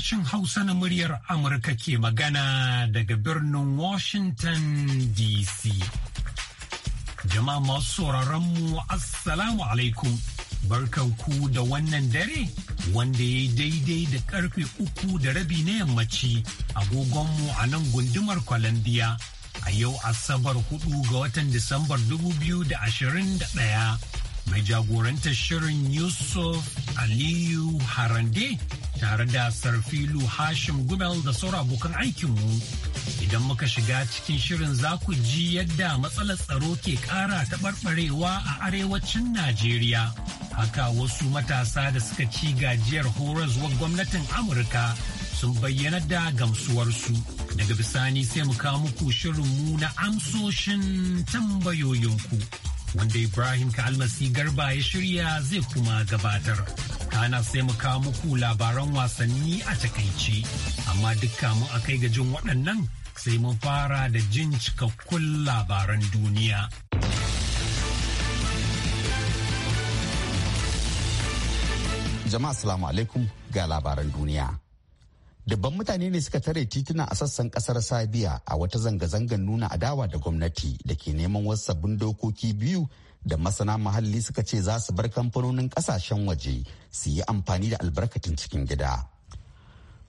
sashen Hausa na muryar Amurka ke magana daga birnin Washington DC. Jama'a masu mu Assalamu alaikum. ku da wannan dare wanda ya yi daidai da karfe uku da rabi na yammaci agogonmu a nan gundumar Columbia a yau Asabar 4 ga watan Disambar 2021. mai jagorantar shirin Yusuf Aliyu Harande tare da Sarfilu Hashim Gumel da sauran abokan aikinmu. Idan muka shiga cikin shirin za ku ji yadda matsalar tsaro ke ƙara taɓarɓarewa a arewacin Najeriya. Haka wasu matasa da suka ci gajiyar horaswar gwamnatin Amurka sun bayyana da gamsuwarsu. Daga bisani sai mu kawo muku shirin mu na amsoshin tambayoyinku. Wanda Ibrahim ka Almasi Garba ya shirya zai kuma gabatar. kana sai mu kawo muku labaran wasanni a takaici, amma dukka mu akai ga jin waɗannan sai mun fara da jin cikakkun labaran duniya jama'a salamu alaikum ga labaran duniya dubban mutane ne suka tare tituna a sassan kasar sabiya a wata zanga zangan nuna adawa da gwamnati da ke neman wasu sabbin dokoki biyu da masana muhalli suka ce za su bar kamfanonin kasashen waje su yi amfani da albarkatun cikin gida.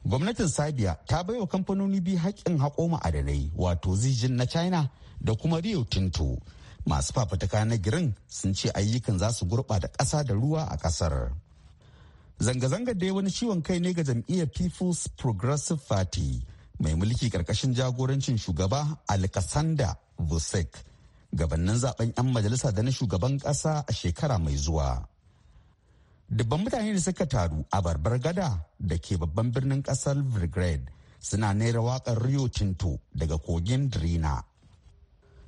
Gwamnatin Sabiya ta baiwa kamfanoni biyu haƙƙin haƙo ma'adanai wato zijin na China da kuma Rio Tinto. Masu fafutuka na girin sun ce ayyukan za su gurɓa da ƙasa da ruwa a ƙasar. Zanga-zangar dai wani ciwon kai ne ga jam'iyyar People's Progressive Party mai mulki ƙarƙashin jagorancin shugaba Alexander Vucek. Gabannin zaben 'yan majalisa da na shugaban ƙasa a shekara mai zuwa. Dubban mutane da suka taru a barbar gada da ke babban birnin ƙasar Belgrade suna naira waƙar Rio Tinto daga kogin Drina.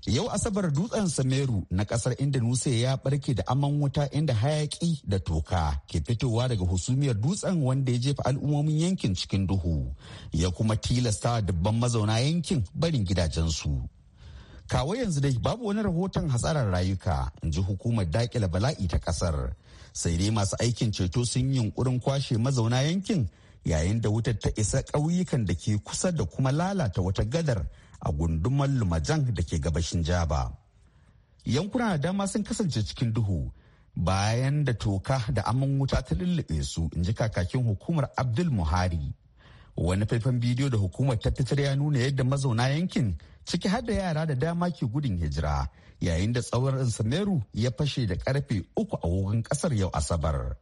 Yau Asabar dutsen Sameru na ƙasar Indonesia ya barke da aman wuta inda hayaƙi da toka ke fitowa daga husumiyar dutsen wanda ya jefa al'ummomin yankin cikin duhu ya kuma tilasta dubban mazauna yankin barin gidajensu. Kawai yanzu dai babu wani rahoton hatsarar rayuka in ji hukumar dakila bala'i ta ƙasar. sai dai masu aikin ceto sun yi yunkurin kwashe mazauna yankin yayin da wutar ta isa ƙauyukan da ke kusa da kuma lalata wata gadar a gundumar lumajan da ke gabashin jaba yankuna da dama sun kasance cikin duhu bayan da toka da aman wuta ta lullube su in ji kakakin hukumar abdul muhari wani faifan bidiyo da hukumar ta fitar ya nuna yadda mazauna yankin ciki har da yara da dama ke gudun hijira yayin da tsawon sameru ya fashe da karfe uku a wogan kasar yau asabar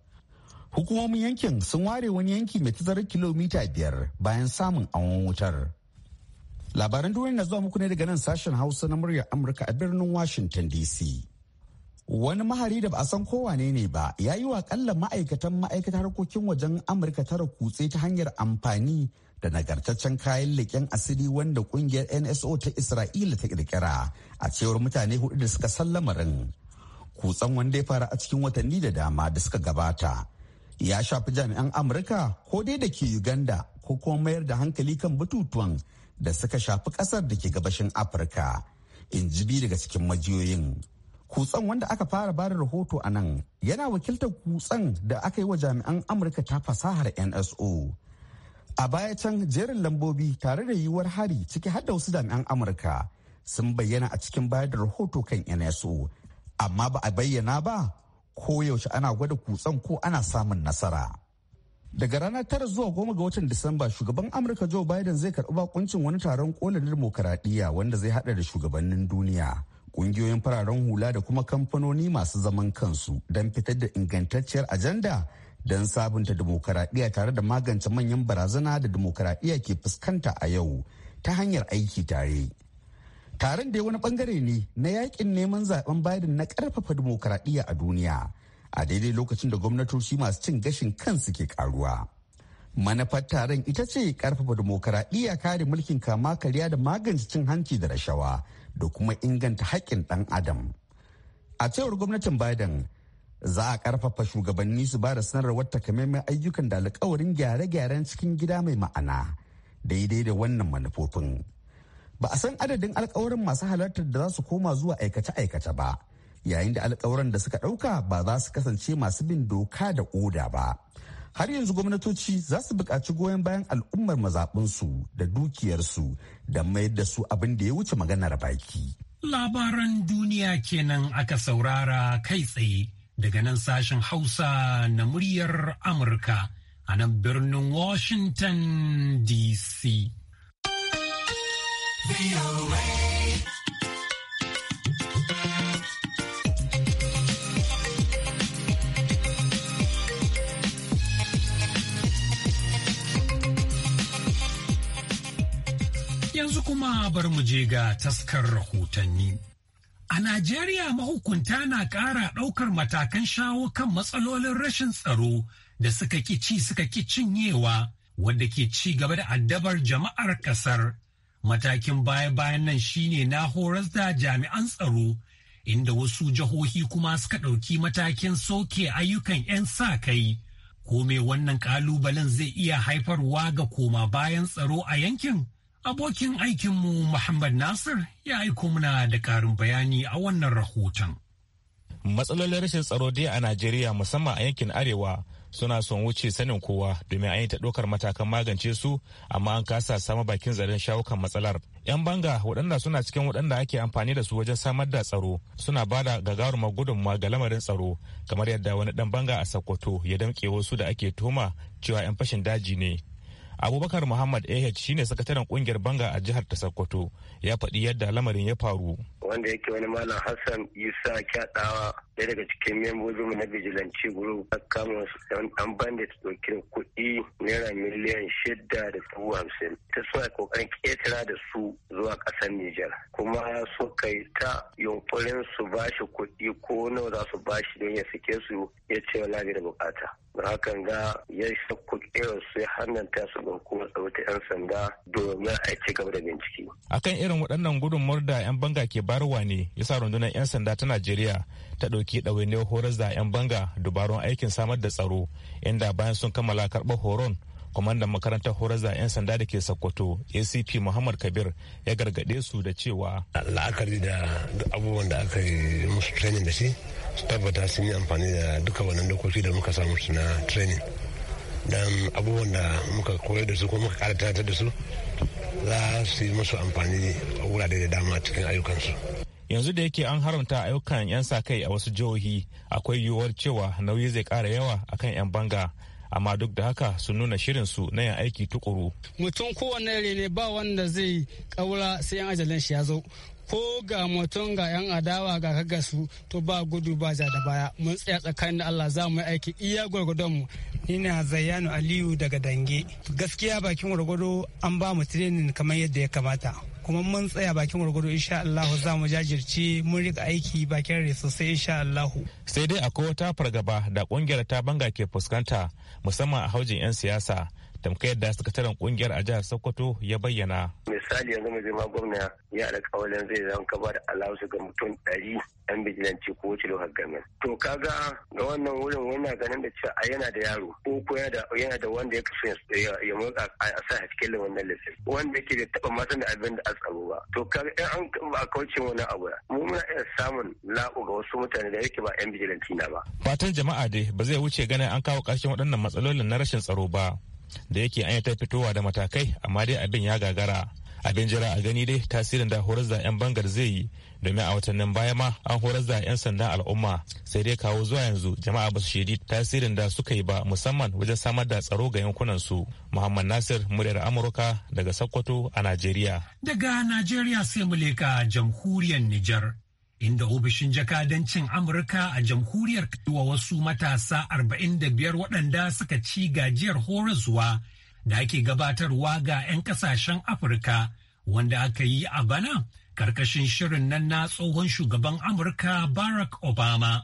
hukumomin yankin sun ware wani yanki mai tazarar kilomita biyar bayan samun awon wutar labaran duniya na zuwa muku ne daga nan sashen hausa na muryar amurka a birnin washington dc wani mahari da ba a san kowane ne ba ya yi wa kalla ma'aikatan ma'aikatar harkokin wajen amurka tara kutse ta hanyar amfani da nagartaccen kayan leƙen asiri wanda ƙungiyar NSO ta Isra'ila ta ƙirƙira a cewar mutane hudu da suka san lamarin. Kutsan wanda ya fara a cikin watanni da dama da suka gabata. Ya shafi jami'an Amurka ko dai da ke Uganda ko kuma mayar da hankali kan batutuwan da suka shafi ƙasar da ke gabashin Afirka. In ji bi daga cikin majiyoyin. Kutsan wanda aka fara bada rahoto a nan yana wakiltar kutsan da aka yi wa jami'an Amurka ta fasahar NSO. A baya can jerin lambobi tare da yiwuwar hari ciki har da wasu jami'an Amurka sun bayyana a cikin bayar da rahoto kan NSO, amma ba a bayyana ba ko yaushe ana gwada kutsan ko ana samun nasara. Daga ranar tara zuwa goma ga watan Disamba shugaban Amurka Joe Biden zai karɓi bakuncin wani taron ƙona dimokuraɗiyya wanda zai haɗa da shugabannin duniya. Ƙungiyoyin fararen hula da kuma kamfanoni masu zaman kansu don fitar da ingantacciyar ajanda don sabunta demokaradiyya tare da magance manyan barazana da demokaradiyya ke fuskanta a yau ta hanyar aiki tare. Taron da ya wani bangare ne na yakin neman zaben Biden na karfafa demokaradiyya a duniya a daidai lokacin da gwamnatoci masu cin gashin kansu ke karuwa. Manufar taron ita ce karfafa demokaradiyya kare mulkin kama karya da magance cin hanci da rashawa da kuma inganta haƙƙin ɗan adam. A cewar gwamnatin Biden, za a karfafa shugabanni su ba da sanarwar takamaiman ayyukan da alkawarin gyare-gyaren cikin gida mai ma'ana daidai da wannan manufofin ba a san adadin alkawarin masu halartar da za su koma zuwa aikace-aikace ba yayin da alkawaran da suka ɗauka ba za su kasance masu bin doka da oda ba har yanzu gwamnatoci za su buƙaci goyon bayan al'ummar mazaɓinsu da dukiyarsu da mayar da su abin da ya wuce maganar baki labaran duniya kenan aka saurara kai tsaye daga nan sashen Hausa na muryar Amurka a nan birnin Washington DC. Yanzu kuma bar mu je ga taskar rahotanni. A Najeriya mahukunta na ƙara ɗaukar matakan shawo kan matsalolin rashin tsaro da suka ci suka ki cinyewa wadda ke ci gaba da addabar jama'ar ƙasar. Matakin baya-bayan nan shine na horas da jami'an tsaro inda wasu jihohi kuma suka ɗauki matakin soke ayyukan 'yan sa kai. Kome wannan ƙalubalen zai iya haifarwa ga koma bayan tsaro a yankin? Abokin aikinmu Muhammad Nasir ya aiko muna da karin bayani a wannan rahoton. Matsalolin rashin tsaro dai a Najeriya musamman a yankin Arewa suna son wuce sanin kowa domin an yi ta ɗaukar matakan magance su amma an kasa samun bakin zaren shawo kan matsalar. 'Yan banga waɗanda suna cikin waɗanda ake amfani da su wajen samar da tsaro suna ba da gagarumar gudunmawa ga lamarin tsaro kamar yadda wani ɗan banga a Sokoto ya damƙe wasu da ake toma cewa 'yan fashin daji ne. abubakar muhammad AH shine sakataren kungiyar banga a jihar ta sokoto ya faɗi yadda lamarin ya faru wanda yake wani malam hassan isa kyaɗawa ɗaya daga cikin membobin na vigilante group a kama wasu ɗan bandit ɗauki kuɗi naira miliyan shida da dubu hamsin ta suna kokarin ƙetara da su zuwa ƙasar Niger. kuma su kai ta yunkurin su bashi kuɗi ko nawa za su bashi don ya sike su ya ce wala da bukata hakan ga ya shakku su ya hannanta su ga hukumar tsaro ta 'yan sanda domin a ci gaba da bincike. Akan irin waɗannan gudunmuwar da 'yan banga ke bayarwa ne ya sa rundunar 'yan sanda ta Najeriya ta ɗauki ɗawainiyar horar da 'yan banga dubaron aikin samar da tsaro inda bayan sun kammala karɓar horon kwamandan makarantar horar da 'yan sanda da ke sokoto acp muhammad kabir ya gargade su da cewa la'akari da abubuwan da aka yi musu training da shi su tabbata sun yi amfani da duka wannan dokoki da muka samu su na training don abubuwan da muka koyar da su ko muka kara tattar da su za su yi musu amfani a wurare da dama cikin ayyukansu yanzu da yake an haramta ayyukan 'yan sa kai a wasu jihohi akwai yiwuwar cewa nauyi zai kara yawa akan 'yan banga amma duk da haka sun nuna shirin su na yin aiki tukuru mutum kowane ne ba wanda zai kaura sai yan ajalin shi ya zo ko ga mutum ga 'yan adawa ga kaga su to ba gudu ba ja da baya mun tsaya tsakanin da Allah za mu yi aiki iya gwargwadon mu ina zayyano aliyu daga dange gaskiya bakin gwargwado an ba mu training kamar yadda ya kamata kuma mun tsaya bakin gwargwado insha Allah za mu jajirce mun rika aiki bakin resu sosai insha Allah sai dai akwai wata fargaba da kungiyar ta banga ke fuskanta musamman a haujin 'yan siyasa tamkayar da sakataren kungiyar a jihar sokoto ya bayyana misali yanzu mai zama gwamna ya alƙawalin zai zama ka da alawusu ga mutum ɗari yan bijilanci ko wuce lokacin gamin to kaga ga wannan wurin na ganin da cewa a yana da yaro ko ko yana da wanda ya kasu ya motsa a sa a cikin wannan lissafi wanda yake da taɓa matan da abin da a tsaro ba to kaga ɗan an ba a kauce wani abu ya. mu muna iya samun la'u ga wasu mutane da yake ba yan bijilanci na ba fatan jama'a dai ba zai wuce ganin an kawo ƙarshen waɗannan matsalolin na rashin tsaro ba da yake an ta fitowa da matakai amma dai abin ya gagara abin jira a gani dai tasirin da horar da 'yan bangar zai yi domin a watannin baya ma an horar da 'yan sandan al'umma sai dai kawo zuwa yanzu jama'a ba su shaidi tasirin da suka yi ba musamman wajen samar da tsaro ga yankunan su muhammad nasir muryar amurka daga sokoto a najeriya daga najeriya sai mu leka jamhuriyar nijar inda ofishin jakadancin Amurka a jamhuriyar wa wasu matasa 45 waɗanda suka ci gajiyar zuwa da ake gabatarwa ga 'yan ƙasashen Afirka wanda aka yi a bana Ƙarƙashin shirin nan na tsohon shugaban Amurka Barack Obama.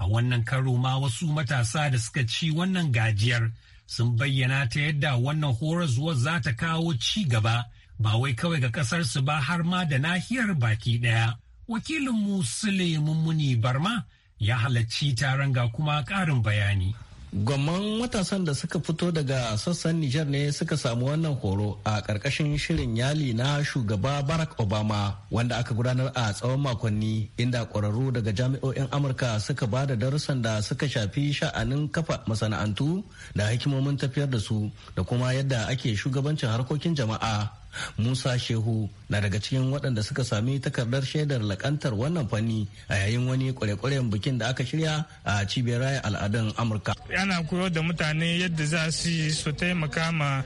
A wannan karo ma wasu matasa da suka ci wannan gajiyar sun bayyana ta yadda wannan zuwa za ta kawo ci gaba ba wai kawai ga ƙasarsu ba har ma da nahiyar baki ɗaya. wakilin Sule Mummuni Barma ya halarci taron ga kuma karin bayani. Gwamman matasan da suka fito daga sassan Nijar ne suka samu wannan horo a ƙarƙashin shirin yali na shugaba Barack Obama wanda aka gudanar a tsawon makonni inda ƙwararru daga jami'o'in Amurka suka ba da darussan da suka shafi sha'anin kafa masana'antu da hikimomin tafiyar da su da kuma yadda ake shugabancin harkokin jama'a. Musa Shehu na daga cikin waɗanda suka sami takardar shaidar lakantar wannan fanni a yayin wani kwale-kwalen bikin da aka shirya a cibiyar raya al'adun Amurka. Ana koyar da mutane yadda za su yi su taimaka ma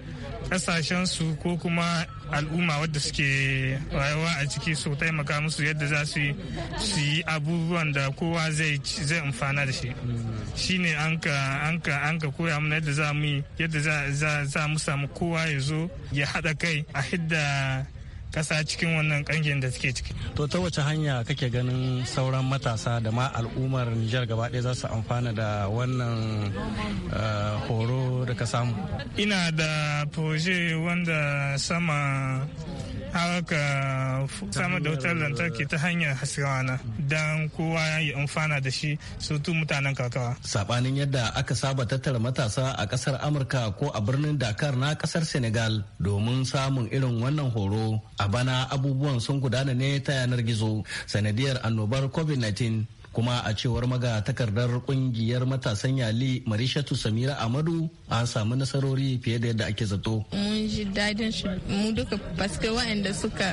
kasashensu ko kuma al'umma wadda suke rayuwa a ciki su taimaka musu yadda za su yi abubuwan da kowa zai amfana da shi shi ne an ka koya mana yadda za mu yadda za mu samu kowa ya zo ya haɗa kai a hidda kasa cikin wannan ƙangin da suke ciki. To ta wace hanya kake ganin sauran matasa da ma al'ummar Nijar gaba ɗaya za su amfana da wannan eh, horo da ka samu? Ina da proje wanda sama haka samar da wutar lantarki ta hanyar hasirawana don kowa ya amfana da shi tu mutanen kakawa. Sabanin yadda aka saba tattara matasa a kasar Amurka ko a birnin Dakar na kasar Senegal domin samun irin wannan horo a bana abubuwan sun gudana ne ta yanar gizo sanadiyar annobar covid-19 kuma a cewar maga takardar kungiyar matasan yali marishatu samira amadu an samu nasarori fiye da yadda ake zato mun ji dadin shi mu duka paske waɗanda suka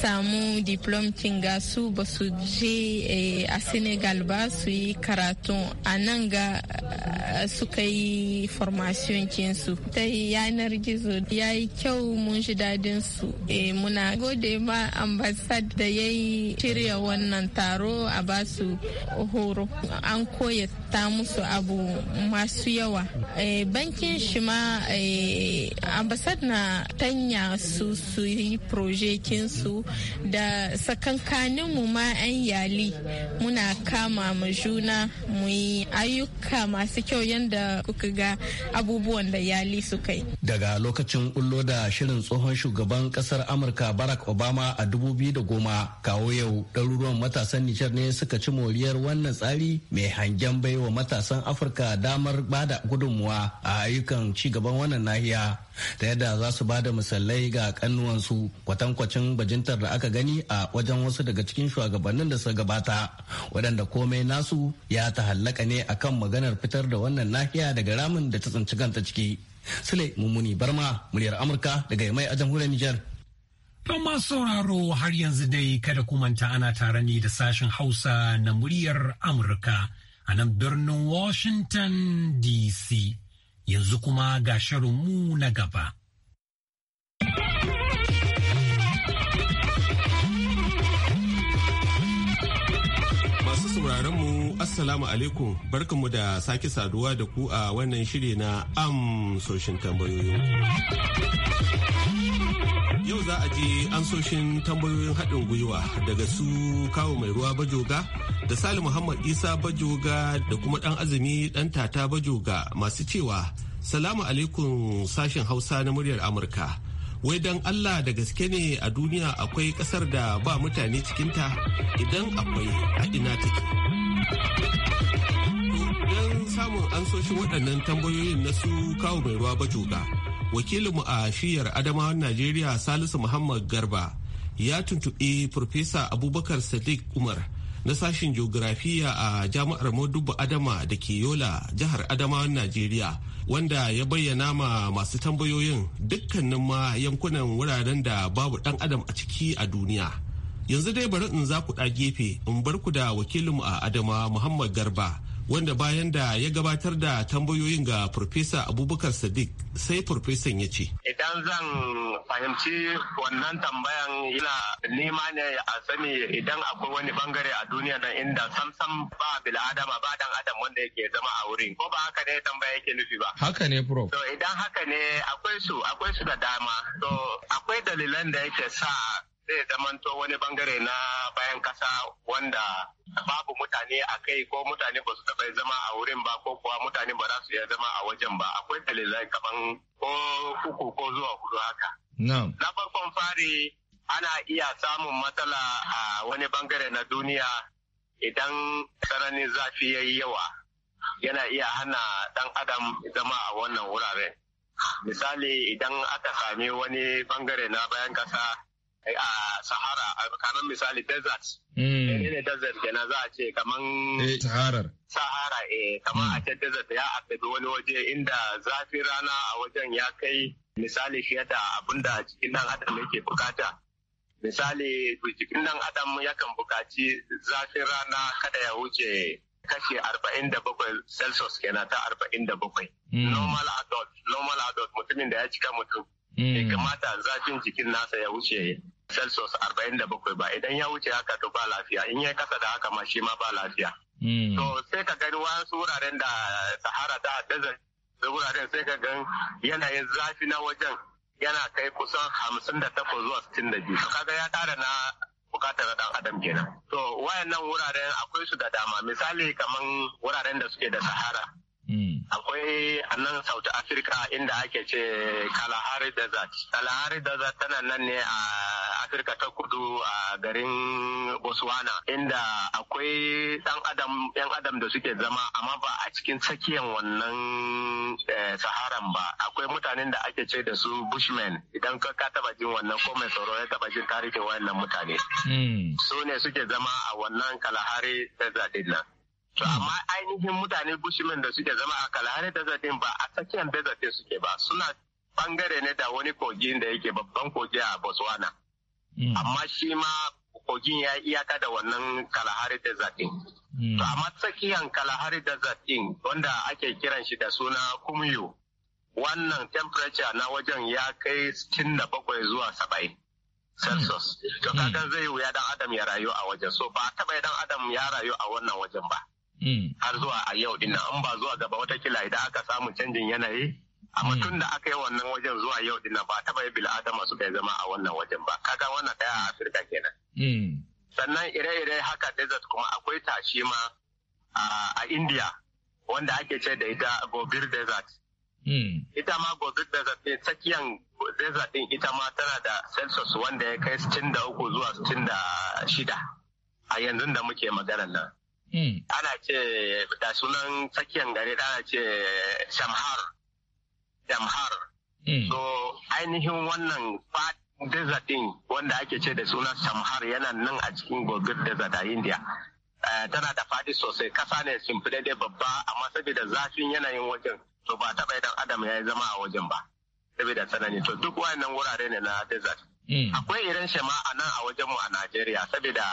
samu diplom ga su ba su je eh, a senegal ba su yi karatu a nan ga eh, suka yi formation kinsu ta yanar gizo ya yi kyau mun ji dadin su eh, muna gode ma ambasad da ya yi shirya wannan taro a basu musu horo an koya ta musu abu masu yawa eh, bankin shi ma eh, ambasad na tanya su su yi projekinsu da mu ma 'yan yali muna kama ma juna mu yi ayyuka masu kyau yadda kuka ga abubuwan da yali su kai daga lokacin kullo da shirin tsohon shugaban kasar amurka barack obama a dubu biyu da goma kawo yau ɗaruruwan matasan nijar ne suka ci moriyar wannan tsari mai hangen bai wa matasan afirka damar bada gudunmuwa a ayyukan cigaban wannan nahiya ta yadda za su bada misalai ga kannuwansu kwatankwacin bajintar da aka gani a wajen wasu daga cikin shugabannin da suka gabata Wadanda komai nasu ya hallaka ne akan maganar fitar da wannan nahiya daga ramin da ta tsinci kanta ciki sule mummuni barma muryar amurka daga mai a jamhuriyar nijar Don masu sauraro har yanzu dai kada kumanta ana tare ne da sashen Hausa na muryar Amurka a nan birnin Washington DC. Yanzu kuma ga mu na gaba. Masu sauraronmu Assalamu alaikum barkanmu da sake saduwa da ku a wannan shiri na amsoshin tambayoyi. Yau za a ji amsoshin tambayoyin haɗin gwiwa daga su kawo mai ruwa bajoga da Sali Muhammad Isa bajoga da kuma ɗan azumi ɗan tata bajoga masu cewa Salamu alaikum sashen Hausa na muryar Amurka. wai don Allah da gaske ne a duniya akwai ƙasar da ba mutane cikinta idan akwai a ina take. Don samun ansoshin waɗannan tambayoyin na su kawo mai ruwa bajoga wakilinmu a shiyar adamawan najeriya salisu muhammad garba ya tuntuɓi Profesa abubakar sadiq umar na sashen geografiya a jami'ar Modubu Adama da ke Yola jihar Adamawan Najeriya wanda ya bayyana ma masu tambayoyin dukkanin ma yankunan wuraren da babu dan adam a ciki a duniya. Yanzu dai bari in za ku ɗa gefe in bar ku da wakilinmu a Adama Muhammad Garba wanda bayan da ya gabatar da tambayoyin ga Farfesa Abubakar Sadiq sai Farfesan ya ce. Idan zan fahimci wannan tambayan yana nema ne a sani idan akwai wani bangare a duniya nan inda samsam ba bil'adama ba dan adam wanda yake zama a wurin ko ba haka ne tambaya yake nufi ba. Haka ne bro. So, idan haka ne akwai su akwai su da dama. To akwai dalilan da yake sa zai zamanto wani bangare na bayan kasa wanda babu mutane a kai ko mutane ba su taɓa zama a wurin ba ko kuwa mutane ba za su iya zama a wajen ba akwai dalilai kaman ko uku ko zuwa hudu haka. Na farkon fari ana iya samun matsala a wani bangare na duniya idan tsananin zafi ya yi yawa yana iya hana ɗan adam zama a wannan wuraren. Misali idan aka sami wani bangare na bayan kasa a sahara a kamar misali desert hmm. ne ne desert kenan za a ce kamar eh, Sahara. sahara eh kamar hmm. a ce desert ya addabi wani waje inda zafin rana a wajen ya kai misali fiye da abin da cikin dan adam yake bukata misali jikin dan adam yakan bukaci zafin rana kada ya wuce kashi 47 celsius kenan ta 47 hmm. normal adult normal adult mutumin da ya cika mutum Ya kamata zafin jikin nasa ya wuce celsius arba'in da bakwai ba idan ya wuce haka to ba lafiya in ya kasa da haka ma shi ma ba lafiya. Hmm. To sai ka gani wasu wuraren da sahara ta da wuraren sai ka gan yanayin zafi na wajen yana kai kusan hamsin da takwas zuwa sittin da biyu. Kaga ya tara na bukatar dan adam kenan. To wayannan wuraren akwai su da dama misali kaman wuraren da suke da sahara. Hmm. Akwai a nan South Africa inda ake ce Kalahari Desert. Kalahari Desert tana nan ne a afirka ta kudu a garin botswana inda akwai dan adam yan adam da suke zama amma ba a cikin tsakiyar wannan eh, saharan ba akwai mutanen da ake ce da su bushmen idan ka taba jin wannan ko mai tsoro ya taba jin tarihin wayannan mutane hmm. su ne suke zama a wannan kalahari desert din nan To hmm. amma ainihin mutane bushmen da suke zama a kalahari desert din ba a tsakiyar desert suke ba suna bangare ne da wani kogi da yake babban kogi a Botswana. Mm. amma shi ma kogin ya iyaka da wannan kalahari desert din mm. to amma tsakiyan kalahari desert din wanda ake kiran shi da suna kumiyo wannan temperature na wajen ya kai bakwai zuwa 70 celsius mm. to kaga zai wuya dan adam ya rayu a wajen so ba taba dan adam ya rayu a wannan wajen ba har zuwa a yau din in ba zuwa gaba watakila idan aka samu canjin yanayi amma hmm. tun da aka yi wannan wajen zuwa yau dinnan ba taba yi bil'adama su bai zama a wannan wajen ba kaga wannan daya a afirka kenan hmm. sannan ire-ire haka desert kuma akwai tashi ma a india wanda ake ce da ita gobir desert hmm. ita ma gobir desert ne tsakiyan desert din ita ma tana da celsius wanda ya kai 63 zuwa 66 a yanzu da muke magana nan ana ce da sunan tsakiyan gari ana ce shamhar damhar hmm. so ainihin wannan desert din wanda ake ce da suna samhar yana nan a cikin gogir desert a india eh, tana da fadi sosai kasa ne simfile da babba amma saboda zafin yanayin wajen to ba bai idan adam ya yi zama a wajen ba saboda tsanani to duk wannan wurare ne na desert hmm. akwai irin shema a nan a wajen mu a najeriya saboda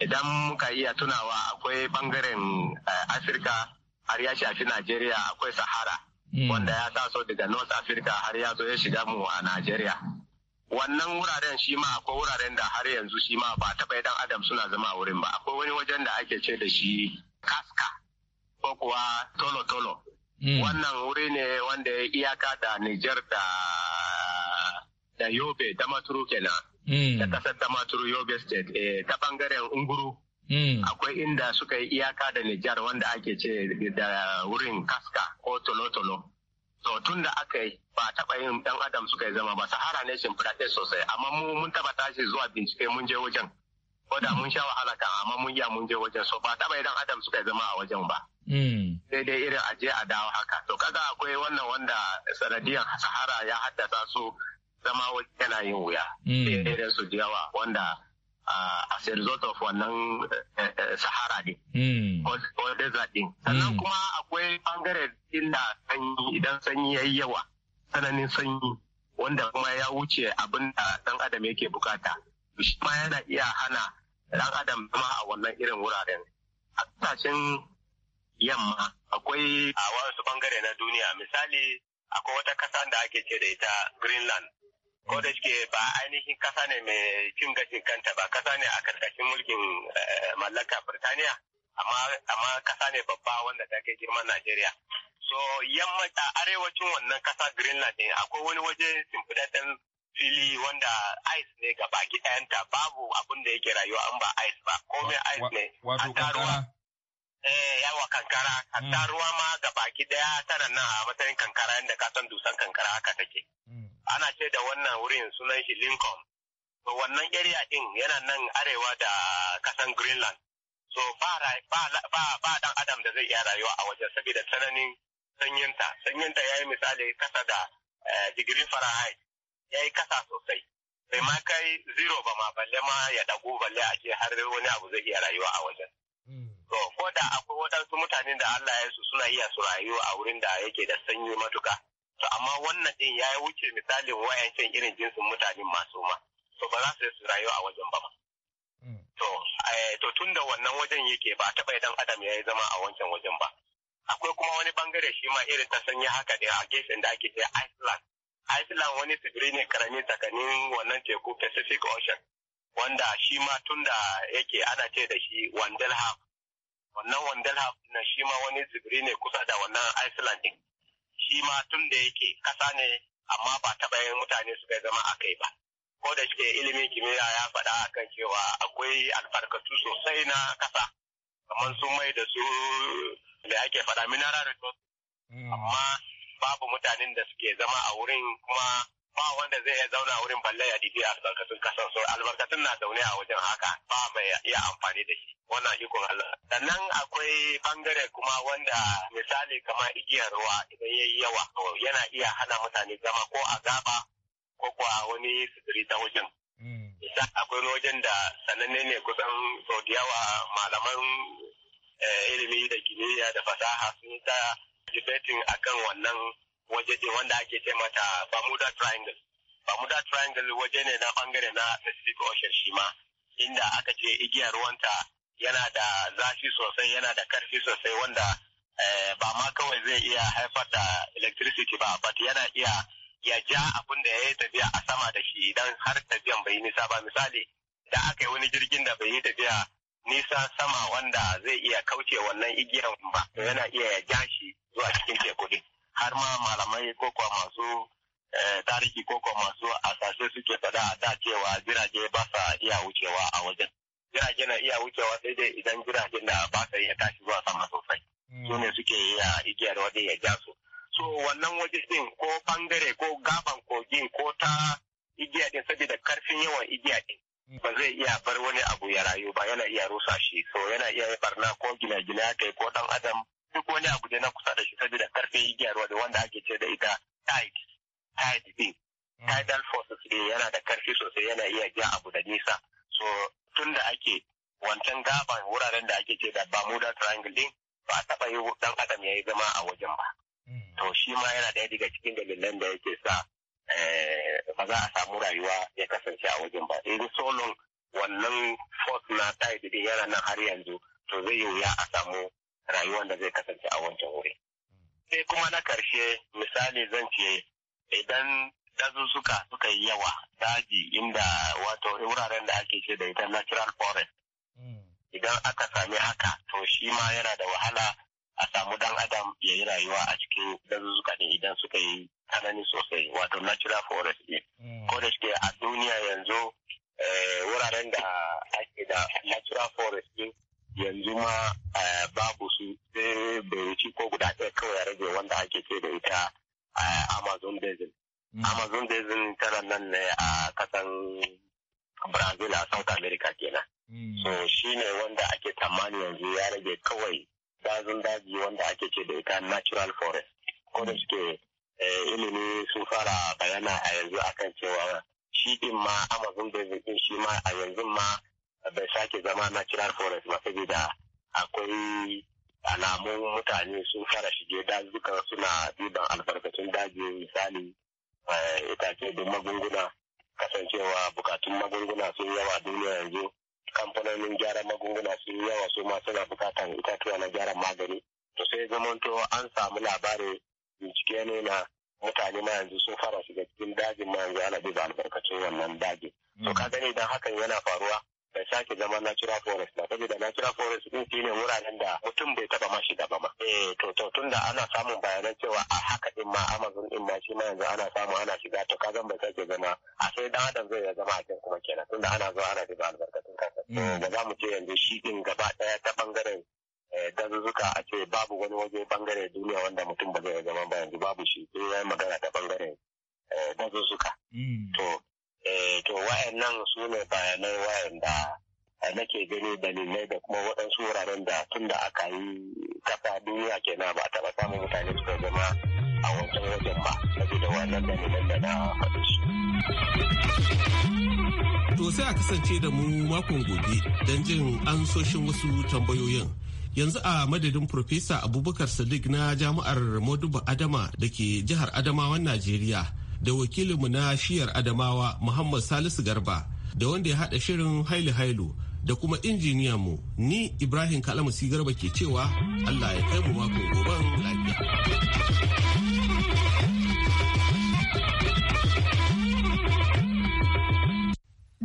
idan muka iya tunawa akwai bangaren eh, afirka har ya shafi najeriya akwai sahara Mm. wanda ya taso daga North Africa har ya zo ya shiga mu a Najeriya. Wannan wuraren shi ma akwai wuraren da har yanzu shi ma ba taɓa dan adam suna zama a wurin ba. Akwai wani wajen da ake ce da shi kaska ko kuwa tolo-tolo. Mm. Wannan wuri ne wanda ya iyaka da Niger da da Yobe, maturu kenan. Mm. Da kasar maturu Yobe State eh, ta ɓangaren Unguru. Mm. akwai inda suka yi iyaka da Nijar wanda ake ce da wurin kaska ko tolotolo. To tun da aka yi ba taɓa yin ɗan adam suka yi zama ba sahara ne shimfiɗaɗɗe sosai amma mu mun taɓa tashi zuwa bincike mun je wajen. Ko da mun sha wahala kan amma mun ya mun je wajen so ba taɓa yi ɗan adam suka yi zama a wajen ba. Mm. Sai dai irin aje a dawo haka. To kaga akwai wannan wanda sanadiyar sahara ya haddasa su zama wajen yana yin wuya. Mm. Sai dai su jiyawa wanda A a result of wannan eh, eh, sahara ne hmm. ko desert din sannan hmm. kuma akwai bangare inda sanyi idan sanyi ya yi yawa tsananin sanyi wanda kuma ya wuce abin da dan adam yake bukata shi ma yana iya hana dan adam zama a wannan irin wuraren a kasashen yamma akwai a wasu bangare na duniya misali akwai wata kasa da ake ce da ita greenland ko da ke ba ainihin kasa ne mai cin gashin kanta ba kasa ne a karkashin mulkin eh, mallaka Birtaniya amma kasa ne babba wanda ta kai girman Najeriya. So a arewacin wannan kasa Greenland ne akwai wani waje simfudaden fili wanda ice ne ga baki ɗayanta babu abin da yake rayuwa an ba ice ba komai ice ne. Eh yawa kankara hatta hmm. ruwa ma ga baki ɗaya tana nan a matsayin kankara yadda ka san dusan kankara haka take. Hmm. ana ce da wannan wurin sunan shi lincoln so wannan area din yana nan arewa da kasan greenland so ba ba dan adam da zai iya rayuwa a wajen saboda tsananin sanyinta sanyinta ya yi misali kasa da eh, digiri fahrenheit ya yi kasa sosai bai ma kai zero ba ma balle ma ya dagu balle a ce har wani abu zai iya rayuwa a wajen hmm. ko da akwai waɗansu mutanen da Allah ya su suna iya su rayu a wurin da yake da sanyi matuka to amma wannan din ya wuce misalin wayancin irin jinsin mutane masu ma to ba za su yi su rayu a wajen ba mm. to eh, to tun da wannan wajen yake ba taɓa idan adam ya yi zama a wancan wajen ba akwai kuma wani bangare shi ma irin ta sanya haka da a gefen da ake ce Iceland Iceland wani tsibiri ne karami tsakanin wannan teku Pacific Ocean wanda shi ma tun da yake ana ce da shi Wandel wannan Wandel na shi ma wani tsibiri ne kusa da wannan Iceland din shi ma tun da yake kasa ne amma ba taɓa yin mutane suka zama a kai ba. Ko da shike ilimin kimiyya ya faɗa akan cewa akwai albarkatu sosai na kasa kamar sun mai da su da ake faɗa mineral resources. Mm. Amma babu mutanen da suke zama a wurin kuma ba wanda zai zauna zauna wurin balle ya didi a albarkatun kasan so albarkatun na zaune a wajen haka ba mai iya amfani da shi wannan ikon Allah sannan akwai bangare kuma wanda misali kamar igiyar ruwa idan yayi yawa yana iya hana mutane zama ko a gaba ko kuwa wani sitiri ta wajen mm. isa akwai wajen da sananne ne kusan sau da malaman eh, ilimi da kimiyya da fasaha sun ta debating akan wannan waje ne wanda ake ce mata Bermuda Triangle. Bermuda Triangle waje ne na bangare na Pacific Ocean shi ma inda aka ce igiyar ruwanta yana da zafi sosai yana da karfi sosai wanda eh, ba ma kawai zai iya haifar da electricity ba but yana iya ya ja abin da ya yi tafiya a sama da shi idan har tafiyan bai yi nisa ba misali da aka yi wani jirgin da bai yi tafiya nisa sama wanda zai iya kauce wannan igiyan ba yana iya ya ja shi zuwa cikin teku din. har ma malamai ko kuwa masu eh, tarihi ko kuwa masu asashe suke fada a da cewa jirage ba sa iya wucewa a wajen jirage na iya wucewa sai dai idan jiragen da ba sa iya tashi zuwa sama sosai hmm. su ne suke iya igiyar waje ya ja su so wannan waje din ko bangare ko gaban kogin ko ta igiya din saboda karfin yawan igiya din hmm. ba zai iya bar wani abu ya rayu ba yana iya rusa shi so yana iya barna ko gina gina kai ko ɗan adam duk wani abu da na kusa da shi saboda karfe gyaruwa da wanda ake ce da ita tide tide din hmm. tidal forces ne eh, yana da karfi sosai yana iya ja abu da nisa so tun da ake wancan gaban wuraren da ake ce da Bermuda Triangle din ba a taɓa yi dan adam ya yi zama a wajen ba. Hmm. To shi ma yana daya daga cikin dalilan da yake sa eh, ba za a samu rayuwa ya kasance a wajen ba. In so long wannan force na tide din yana nan har yanzu to zai yi wuya a samu rayuwar da zai kasance a wancan wuri. Mm. Sai kuma na karshe misali zan ce idan dazuzzuka suka yi yawa daji inda wato wuraren da ake ce da ita natural forest. Mm. Idan aka sami haka to shi ma yana da wahala a samu dan adam ya yi rayuwa a cikin dazuzzuka ne idan suka yi tsanani sosai wato natural forest ne. Mm. Ko da shi a duniya yanzu eh, wuraren da ake da natural forest ne yanzu ma eh, babu sai bai wuci ko guda ɗaya kawai ya rage wanda ake ce da ita a amazon basin mm. amazon basin tana nan ne a kasan brazil a south america kenan mm. so shi ne wanda ake tamani yanzu ya rage kawai dazin daji wanda ake ce da ita natural forest ko da mm. suke eh, ilimi sun fara bayana a yanzu akan cewa shi din ma amazon basin din shi ma a yanzu ma bai sake zama natural forest ba saboda akwai alamun mutane sun fara shige dazuka suna ɗiban albarkacin daji misali eh, itace da magunguna kasancewa bukatun magunguna sun yawa duniya yanzu kamfanonin gyaran magunguna sun yawa su ma suna bukatan itatuwa na gyaran magani to sai zamanto an samu labarin bincike ne na mutane ma yanzu sun fara shiga cikin dajin ma yanzu ana duba albarkacin wannan dajin to ka gani idan hakan yana faruwa ta sake zama natural forest ba saboda natural forest din shine wuraren da mutum bai taba ma shiga ba ma eh to to tunda ana samun bayanan cewa a haka din ma amazon din ma shi ma yanzu ana samu ana shiga to kazan bai sake zama a sai dan adam zai ya zama a cikin kuma kenan tunda ana zuwa ana diba albarkatun kasa da hmm. eh, za mu yanzu shi din gaba daya ta bangaren eh, dazuzzuka a ce babu wani waje bangare duniya wanda mutum ba zai zama ba yanzu babu shi sai eh, ya magana ta bangaren dazuzzuka. Hmm. To Eh, to nan su ne bayanai da nake gani dalilai da kuma waɗansu wuraren da tun da aka yi kafa duniya kenan ba a taɓa samun mutane suka zama a wancan wajen ba saboda wannan dalilan da na faɗi su. To sai a kasance da mu makon gobe don jin ansoshin wasu tambayoyin. yanzu a madadin Profesa Abubakar Sadiq na Jami'ar Modubu Adama da ke jihar Adamawan Najeriya. da wakilinmu na shiyar adamawa muhammad salisu garba da wanda ya haɗa shirin hailu hailu da kuma mu ni ibrahim kalamusi garba ke cewa allah ya kai mu mako gobe lafiya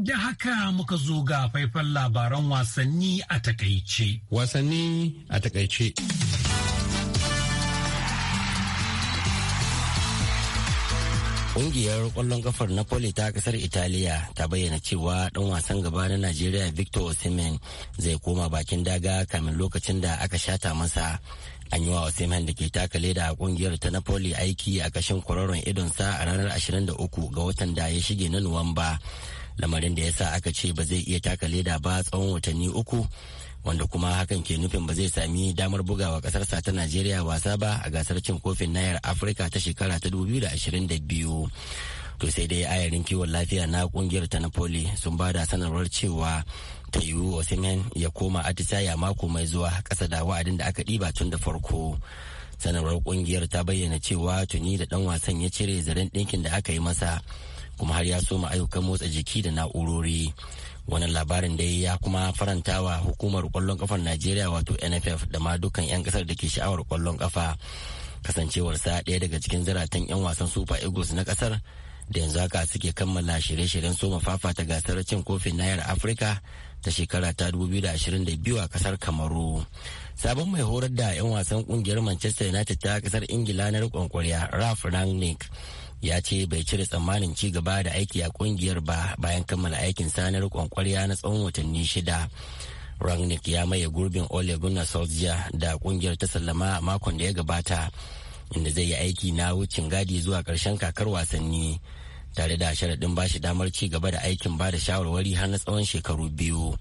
Da haka muka zo ga faifan labaran wasanni a takaice. Wasanni a takaice. Ƙungiyar kwallon kafar Napoli ta ƙasar Italiya ta bayyana cewa ɗan wasan gaba na Najeriya Victor Osimhen zai koma bakin daga kamin lokacin da aka shata masa. An yi wa Osimhen da ke taka leda a ƙungiyar ta Napoli aiki a kashin ƙashin idon sa a ranar 23 ga watan da ya shige na Nuwamba. Lamarin da ya sa aka ce ba zai iya taka leda ba tsawon watanni uku. wanda kuma hakan ke nufin ba zai sami damar bugawa kasarsa ta najeriya wasa ba a gasar cin kofin nayar afirka ta shekara ta 2022 to sai dai ayarin kiwon lafiya na kungiyar ta napoli sun ba da sanarwar cewa ta yiwu osimhen ya koma atisaya mako mai zuwa kasa da wa'adin da aka ɗiba tun da farko sanarwar kungiyar ta bayyana cewa tuni da dan wasan ya cire zaren ɗinkin da aka yi masa kuma har ya soma ayyukan motsa jiki da na'urori Wani labarin dai ya kuma faranta wa hukumar kwallon kafar najeriya wato nff da ma dukkan 'yan kasar da ke sha'awar kwallon kafa kasancewarsa ɗaya daga cikin zaratan 'yan wasan super eagles na kasar da yanzu haka suke kammala shirye-shiryen soma fafata gasar cin kofin nayar afirka ta shekara ta 2022 a kasar kamaru sabon mai horar da 'yan wasan kungiyar manchester united ta kasar ingila na riƙon kwarya ralph rangnick ya ce bai cire tsammanin ci gaba da aiki a kungiyar ba bayan kammala aikin sanar kwankwarya na tsawon watanni shida rangnick ya maye gurbin ole gunnar solskjaer da kungiyar ta sallama a makon da ya gabata inda zai yi aiki na wucin gadi zuwa karshen kakar wasanni tare da sharaɗin ba shi damar ci gaba da aikin ba da shawarwari har na tsawon shekaru biyu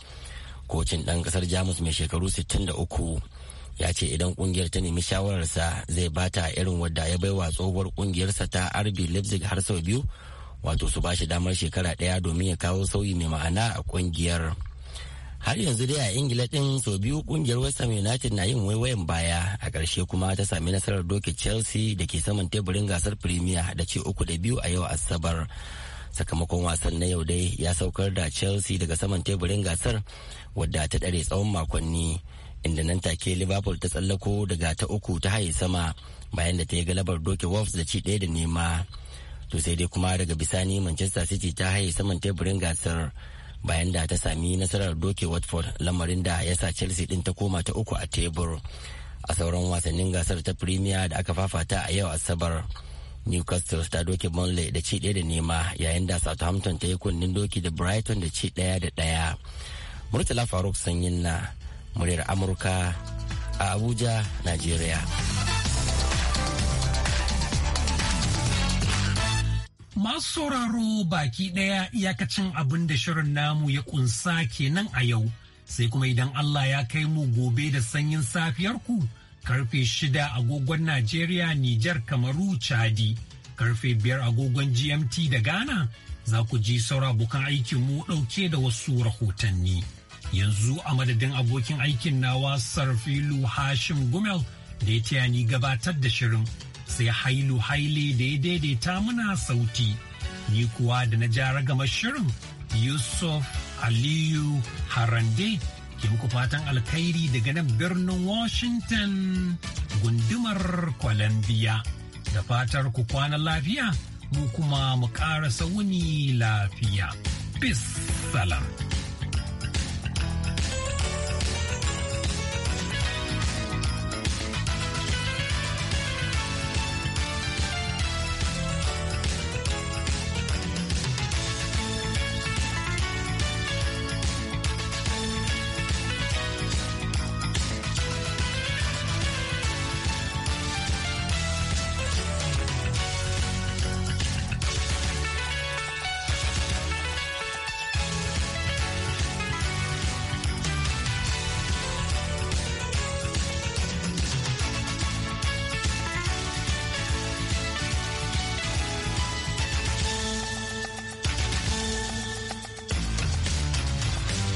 kocin ɗan ƙasar jamus mai shekaru 63 ya ce idan kungiyar ta nemi shawararsa zai bata irin wadda ya baiwa tsohuwar kungiyarsa ta RB Leipzig har sau biyu wato su bashi damar shekara daya domin ya kawo sauyi mai ma'ana a kungiyar. Har yanzu dai a Ingila din sau biyu kungiyar West Ham United na yin waiwayin baya a ƙarshe kuma ta sami nasarar doke Chelsea da ke saman teburin gasar Premier da ce uku da biyu a yau Asabar. sakamakon wasan na yau dai ya saukar da chelsea daga saman teburin gasar wadda ta ɗare tsawon makonni inda nan take liverpool ta tsallako daga ta uku ta haye sama bayan da ta yi galabar doke wolves da ci ɗaya da nema to sai dai kuma daga bisani manchester city ta haye saman teburin gasar bayan da ta sami nasarar doke watford lamarin da ya sa chelsea din ta koma ta uku a tebur a sauran wasannin gasar ta premier da aka fafata a yau asabar newcastle ta doke burnley da ci ɗaya da nema yayin da southampton ta yi kunnen doki da brighton da ci ɗaya da ɗaya murtala faruk yin na muryar amurka a abuja Najeriya. masu sauraro baki ɗaya iyakacin abin da shirin namu ya kunsa kenan a yau sai kuma idan allah ya kai mu gobe da sanyin safiyarku karfe shida agogon najeriya nijar kamaru chadi karfe biyar agogon gmt da ghana za ku ji saura bukan aikinmu ɗauke da wasu rahotanni. yanzu a madadin abokin aikin nawa sarfilu hashim gumel da ya taya ni gabatar da shirin sai hailu haile da ya daidaita muna sauti ni kuwa da na jara gama shirin yusuf aliyu harande ke muku fatan alkhairi daga nan birnin washington gundumar columbia da fatar ku kwana lafiya mu kuma mu ƙara sauni lafiya bis salam